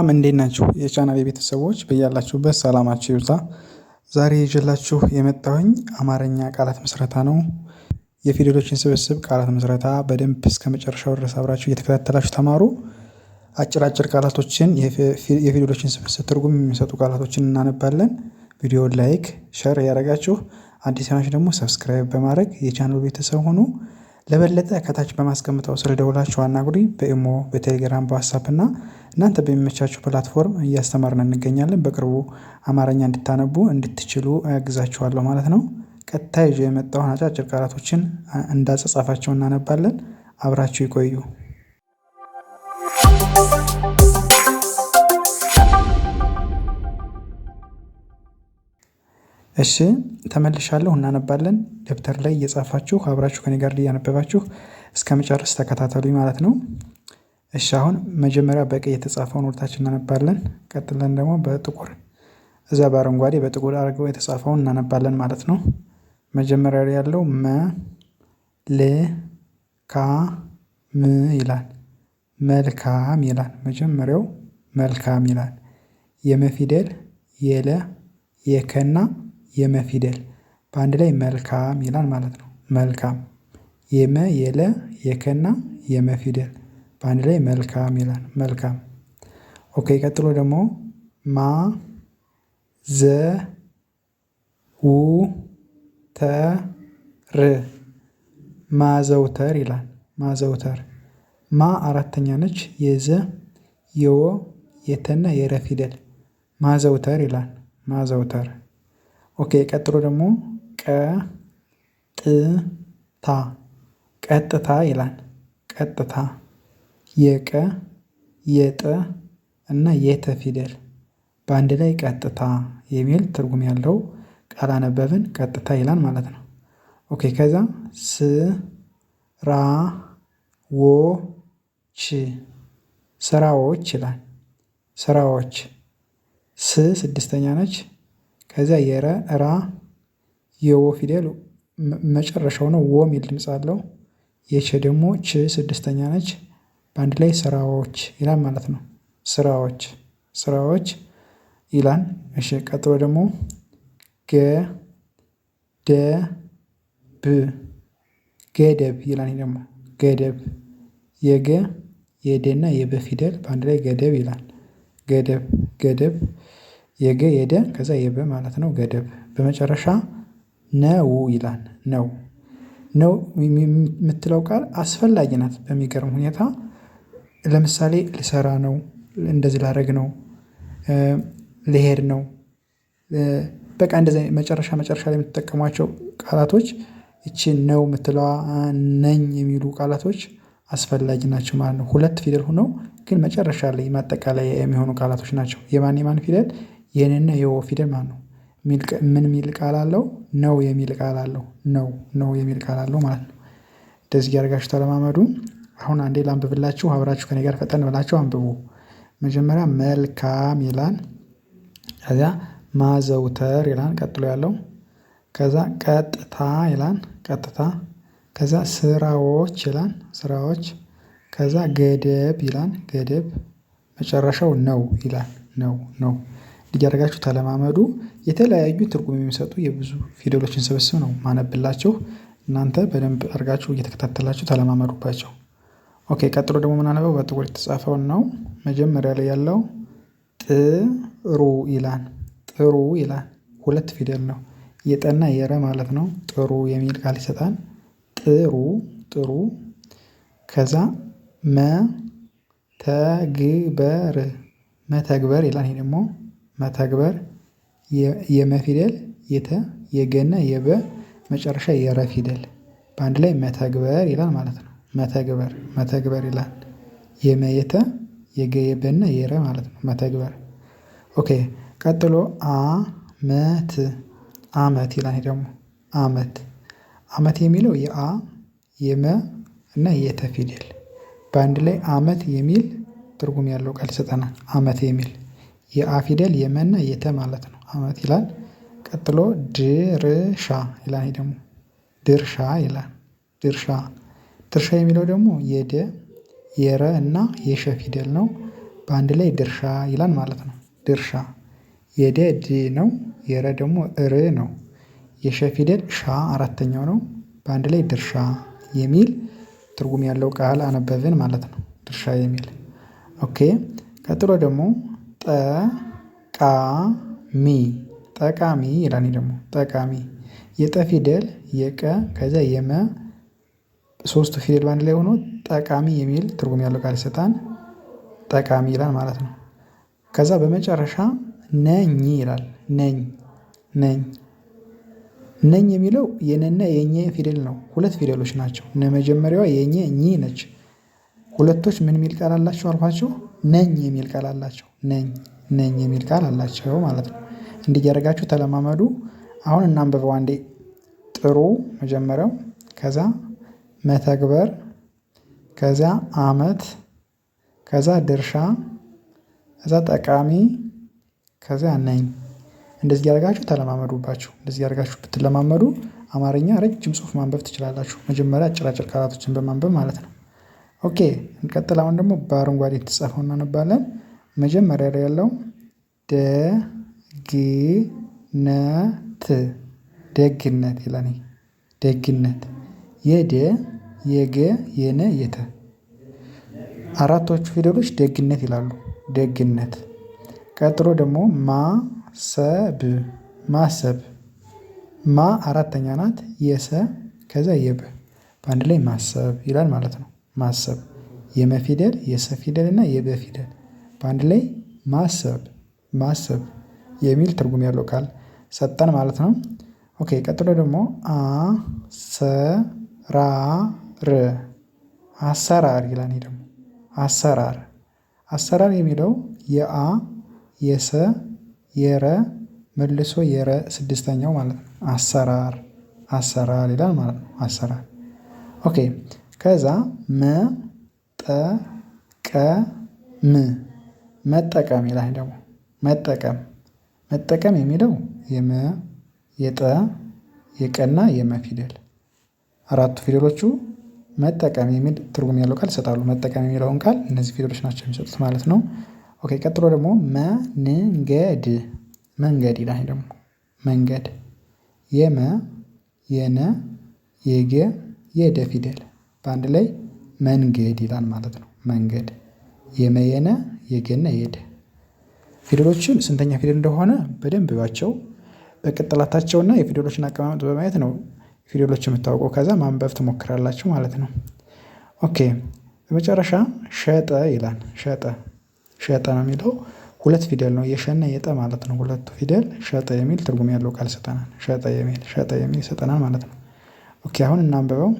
ሰላም እንዴት ናችሁ የቻናል ቤተሰቦች በያላችሁበት ሰላማችሁ ይብዛ። ዛሬ ይዤላችሁ የመጣሁኝ አማርኛ ቃላት ምስረታ ነው። የፊደሎችን ስብስብ ቃላት ምስረታ በደንብ እስከ መጨረሻው ድረስ አብራችሁ እየተከታተላችሁ ተማሩ። አጭር አጭር ቃላቶችን የፊደሎችን ስብስብ ትርጉም የሚሰጡ ቃላቶችን እናነባለን። ቪዲዮ ላይክ፣ ሸር ያደረጋችሁ አዲስ ናችሁ ደግሞ ሰብስክራይብ በማድረግ የቻናል ቤተሰብ ሆኑ። ለበለጠ ከታች በማስቀምጠው ስር ደውላችሁ አናግሩኝ። በኢሞ፣ በቴሌግራም፣ በዋትሳፕ እና እናንተ በሚመቻችሁ ፕላትፎርም እያስተማርን እንገኛለን። በቅርቡ አማርኛ እንድታነቡ እንድትችሉ አግዛችኋለሁ ማለት ነው። ቀጥታ ይዤ የመጣውን አጫጭር ቃላቶችን እንዳጸጻፋቸው እናነባለን። አብራችሁ ይቆዩ። እሺ ተመልሻለሁ። እናነባለን ደብተር ላይ እየጻፋችሁ አብራችሁ ከኔ ጋር እያነበባችሁ እስከ መጨረስ ተከታተሉኝ ማለት ነው። እሺ አሁን መጀመሪያ በቀይ የተጻፈውን ወርታች እናነባለን። ቀጥለን ደግሞ በጥቁር እዛ በአረንጓዴ በጥቁር አድርገው የተጻፈውን እናነባለን ማለት ነው። መጀመሪያ ላይ ያለው መ ል ካ ም ይላል መልካም ይላል። መጀመሪያው መልካም ይላል። የመፊደል የለ የከና የመፊደል በአንድ ላይ መልካም ይላል ማለት ነው። መልካም የመ የለ የከና የመፊደል በአንድ ላይ መልካም ይላል መልካም። ኦኬ ቀጥሎ ደግሞ ማ ዘ ው ተ ር ማዘውተር ይላል ማዘውተር ማ አራተኛ ነች የዘ የወ የተና የረ ፊደል ማዘውተር ይላል ማዘውተር ኦኬ ቀጥሎ ደግሞ ቀጥታ ቀጥታ ይላል። ቀጥታ የቀ የጠ እና የተ ፊደል በአንድ ላይ ቀጥታ የሚል ትርጉም ያለው ቃል አነበብን። ቀጥታ ይላል ማለት ነው። ኦኬ ከዛ ስራዎች ስራዎች ይላል። ስራዎች ስ ስድስተኛ ነች። ከዛ የረ ራ የወ ፊደል መጨረሻው ነው ወ የሚል ድምፅ አለው። የች ደግሞ ች ስድስተኛ ነች። በአንድ ላይ ስራዎች ይላል ማለት ነው። ስራዎች ስራዎች ይላል። እሺ ቀጥሎ ደግሞ ገ ደ ብ ገደብ ይላል። ደግሞ ገደብ የገ የደና የበ ፊደል በአንድ ላይ ገደብ ይላል። ገደብ ገደብ የገ የደ ከዛ የበ ማለት ነው ገደብ። በመጨረሻ ነው ይላል ነው ነው የምትለው ቃል አስፈላጊ ናት። በሚገርም ሁኔታ ለምሳሌ ልሰራ ነው፣ እንደዚህ ላደርግ ነው፣ ልሄድ ነው። በቃ እንደዚህ መጨረሻ መጨረሻ ላይ የምትጠቀሟቸው ቃላቶች እቺ ነው የምትለዋ ነኝ የሚሉ ቃላቶች አስፈላጊ ናቸው ማለት ነው። ሁለት ፊደል ሆነው ግን መጨረሻ ላይ ማጠቃለያ የሚሆኑ ቃላቶች ናቸው። የማን የማን ፊደል የንና የወ ፊደል ማለት ነው። ምን የሚል ቃል አለው ነው የሚል ቃል አለው ነው ነው የሚል ቃል አለው ማለት ነው። እንደዚህ እያደረጋችሁ ተለማመዱ። አሁን አንዴ ላንብብላችሁ አብራችሁ ከኔ ጋር ፈጠን ብላችሁ አንብቡ። መጀመሪያ መልካም ይላል። ከዚያ ማዘውተር ይላል ቀጥሎ ያለው ከዛ ቀጥታ ይላል ቀጥታ ከዛ ስራዎች ይላል ስራዎች ከዛ ገደብ ይላል ገደብ መጨረሻው ነው ይላል ነው ነው እያደረጋችሁ ተለማመዱ። የተለያዩ ትርጉም የሚሰጡ የብዙ ፊደሎችን ስብስብ ነው ማነብላችሁ። እናንተ በደንብ አድርጋችሁ እየተከታተላችሁ ተለማመዱባቸው። ኦኬ፣ ቀጥሎ ደግሞ ምናነበው በጥቁር የተጻፈውን ነው። መጀመሪያ ላይ ያለው ጥሩ ይላል። ጥሩ ይላል። ሁለት ፊደል ነው። የጠና የረ ማለት ነው። ጥሩ የሚል ቃል ይሰጣል። ጥሩ ጥሩ። ከዛ መተግበር መተግበር ይላል። ይሄ ደግሞ መተግበር የመፊደል የተ የገና የበ መጨረሻ የረ ፊደል በአንድ ላይ መተግበር ይላል ማለት ነው። መተግበር መተግበር ይላል የመየተ የገ የረ ማለት ነው። መተግበር ኦኬ። ቀጥሎ አመት አመት ይላል ደግሞ አመት አመት የሚለው የአ የመ እና የተ ፊደል በአንድ ላይ አመት የሚል ትርጉም ያለው ቃል ይሰጠናል። አመት የሚል የአ ፊደል የመና የተ ማለት ነው አመት ይላል። ቀጥሎ ድርሻ ይላል ይሄ ደግሞ ድርሻ ይላል ድርሻ ድርሻ የሚለው ደግሞ የደ የረ እና የሸ ፊደል ነው በአንድ ላይ ድርሻ ይላል ማለት ነው። ድርሻ የደ ድ ነው የረ ደግሞ ር ነው የሸ ፊደል ሻ አራተኛው ነው በአንድ ላይ ድርሻ የሚል ትርጉም ያለው ቃል አነበብን ማለት ነው። ድርሻ የሚል ኦኬ ቀጥሎ ደግሞ ጠቃሚ ጠቃሚ ይላል ደግሞ ጠቃሚ የጠ ፊደል የቀ ከዚያ የመ ሶስቱ ፊደል በአንድ ላይ ሆኖ ጠቃሚ የሚል ትርጉም ያለው ቃል ይሰጣል። ጠቃሚ ይላል ማለት ነው። ከዛ በመጨረሻ ነኝ ይላል ነኝ ነኝ ነኝ የሚለው የነና የኘ ፊደል ነው ሁለት ፊደሎች ናቸው። ነመጀመሪያዋ የኘ ኚ ነች። ሁለቶች ምን የሚል ቃል አላቸው አልኳቸው ነኝ የሚል ቃል አላቸው ነኝ ነኝ የሚል ቃል አላቸው ማለት ነው። እንዲህ እያደረጋችሁ ተለማመዱ። አሁን እናንብበው አንዴ ጥሩ መጀመሪያው ከዛ መተግበር ከዚያ አመት ከዛ ድርሻ ከዛ ጠቃሚ ከዚያ ነኝ እንደዚህ ያደርጋችሁ ተለማመዱባችሁ። እንደዚህ ያደርጋችሁ ብትለማመዱ አማርኛ ረጅም ጽሁፍ ማንበብ ትችላላችሁ። መጀመሪያ አጭራጭር ቃላቶችን በማንበብ ማለት ነው ኦኬ እንቀጥል አሁን ደግሞ በአረንጓዴ የተጻፈው እናነባለን። መጀመሪያ ላይ ያለው ደግነት ደግነት ይላል። ደግነት የደ የገ የነ የተ አራቶቹ ፊደሎች ደግነት ይላሉ። ደግነት ቀጥሎ ደግሞ ማሰብ ማሰብ ማ አራተኛ ናት የሰ ከዛ የበ በአንድ ላይ ማሰብ ይላል ማለት ነው። ማሰብ የመፊደል የሰፊደል እና የበፊደል በአንድ ላይ ማሰብ ማሰብ የሚል ትርጉም ያለው ቃል ሰጠን ማለት ነው። ኦኬ ቀጥሎ ደግሞ አ ሰ ራ ር አሰራር ይላል። ደግሞ አሰራር አሰራር የሚለው የአ የሰ የረ መልሶ የረ ስድስተኛው ማለት ነው። አሰራር አሰራር ይላል ማለት ነው። አሰራር ኦኬ ከዛ ም መጠቀም ይላል ደግሞ መጠቀም መጠቀም የሚለው የመ የጠ የቀና የመ ፊደል አራቱ ፊደሎቹ መጠቀም የሚል ትርጉም ያለው ቃል ይሰጣሉ። መጠቀም የሚለውን ቃል እነዚህ ፊደሎች ናቸው የሚሰጡት ማለት ነው። ኦኬ ቀጥሎ ደግሞ መንገድ መንገድ ይላል ደግሞ መንገድ የመ የነ የገ የደ ፊደል በአንድ ላይ መንገድ ይላል ማለት ነው። መንገድ የመየነ የገነ የደ ፊደሎችን ስንተኛ ፊደል እንደሆነ በደንብ እዩዋቸው። በቅጥላታቸውና የፊደሎችን አቀማመጥ በማየት ነው ፊደሎች የምታውቀው ከዛ ማንበብ ትሞክራላችሁ ማለት ነው። ኦኬ በመጨረሻ ሸጠ ይላል ሸጠ ሸጠ ነው የሚለው ሁለት ፊደል ነው የሸነ የጠ ማለት ነው። ሁለቱ ፊደል ሸጠ የሚል ትርጉም ያለው ቃል ይሰጠናል ሸጠ የሚል ሸጠ የሚል ይሰጠናል ማለት ነው። ኦኬ አሁን እናንበበው?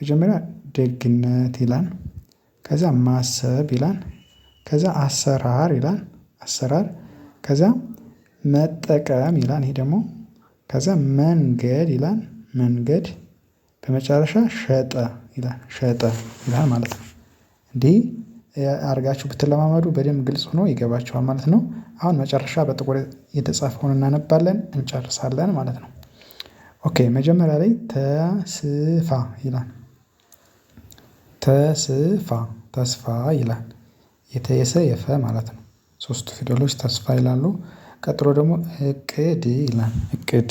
መጀመሪያ ደግነት ይላል ከዛ ማሰብ ይላል ከዛ አሰራር ይላል አሰራር ከዛ መጠቀም ይላል ይሄ ደግሞ ከዛ መንገድ ይላል መንገድ በመጨረሻ ሸጠ ይላል ሸጠ ይላል ማለት ነው። እንዲህ አድርጋችሁ ብትለማመዱ በደንብ ግልጽ ሆኖ ይገባችኋል ማለት ነው። አሁን መጨረሻ በጥቁር የተጻፈውን እናነባለን እንጨርሳለን ማለት ነው። ኦኬ መጀመሪያ ላይ ተስፋ ይላል ተስፋ ተስፋ ይላል የተየሰ የፈ ማለት ነው። ሶስቱ ፊደሎች ተስፋ ይላሉ። ቀጥሎ ደግሞ እቅድ ይላል እቅድ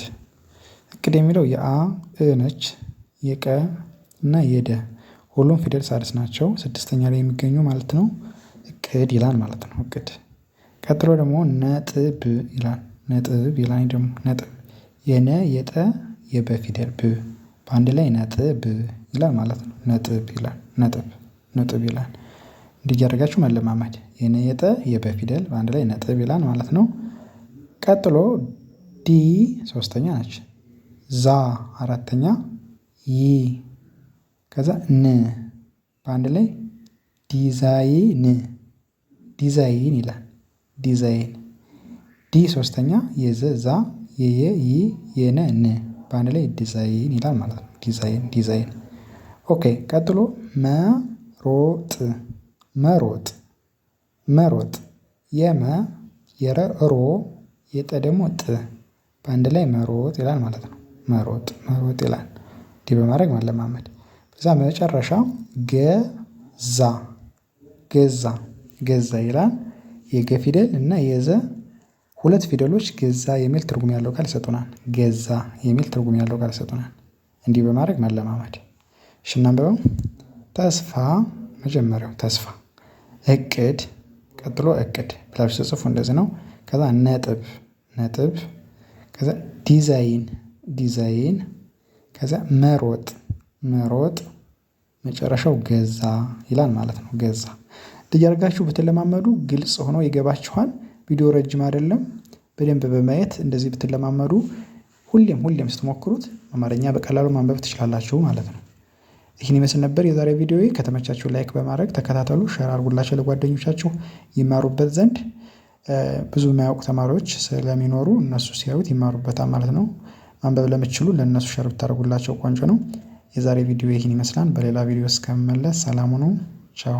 እቅድ የሚለው የአ እ ነች የቀ እና የደ ሁሉም ፊደል ሳድስ ናቸው ስድስተኛ ላይ የሚገኙ ማለት ነው። እቅድ ይላል ማለት ነው። እቅድ ቀጥሎ ደግሞ ነጥብ ይላል ነጥብ ይላል ደግሞ ነጥብ የነ የጠ የበ ፊደል ብ በአንድ ላይ ነጥብ ይላል ማለት ነው። ነጥብ ይላል ነጥብ ነጥብ ይላል እንዲያደርጋችሁ መለማመድ የነጠ የበ ፊደል በአንድ ላይ ነጥብ ይላል ማለት ነው። ቀጥሎ ዲ ሶስተኛ ነች። ዛ አራተኛ ይ ከዛ ን በአንድ ላይ ዲዛይን ዲዛይን ይላል ዲዛይን ዲ ሶስተኛ የዘ ዛ የየ ይ የነ ን በአንድ ላይ ዲዛይን ይላል ማለት ነው። ዲዛይን ዲዛይን ኦኬ ቀጥሎ መሮጥ መሮጥ መሮጥ የመ የረ ሮ የጠ ደግሞ ጥ በአንድ ላይ መሮጥ ይላል ማለት ነው። መሮጥ መሮጥ ይላል እንዲህ በማድረግ ማለማመድ በዛ መጨረሻ ገዛ ገዛ ገዛ ይላል የገ ፊደል እና የዘ ሁለት ፊደሎች ገዛ የሚል ትርጉም ያለው ቃል ይሰጡናል። ገዛ የሚል ትርጉም ያለው ቃል ይሰጡናል። እንዲህ በማድረግ መለማመድ። ሽናንበበው ተስፋ መጀመሪያው ተስፋ፣ እቅድ ቀጥሎ እቅድ ብላችሁ ተጽፉ። እንደዚህ ነው። ከዛ ነጥብ ነጥብ፣ ከዛ ዲዛይን ዲዛይን፣ ከዚያ መሮጥ መሮጥ፣ መጨረሻው ገዛ ይላል ማለት ነው። ገዛ እያደረጋችሁ ብትለማመዱ ግልጽ ሆኖ ይገባችኋል። ቪዲዮ ረጅም አይደለም። በደንብ በማየት እንደዚህ ብትለማመዱ ሁሌም ሁሌም ስትሞክሩት አማርኛ በቀላሉ ማንበብ ትችላላችሁ ማለት ነው። ይህን ይመስል ነበር የዛሬ ቪዲዮ ከተመቻችሁ ላይክ በማድረግ ተከታተሉ፣ ሸር አርጉላቸው ለጓደኞቻችሁ ይማሩበት ዘንድ። ብዙ የማያውቁ ተማሪዎች ስለሚኖሩ እነሱ ሲያዩት ይማሩበታል ማለት ነው። ማንበብ ለምችሉ ለእነሱ ሸር ብታደርጉላቸው ቆንጆ ነው። የዛሬ ቪዲዮ ይህን ይመስላል። በሌላ ቪዲዮ እስከምመለስ ሰላም ቻው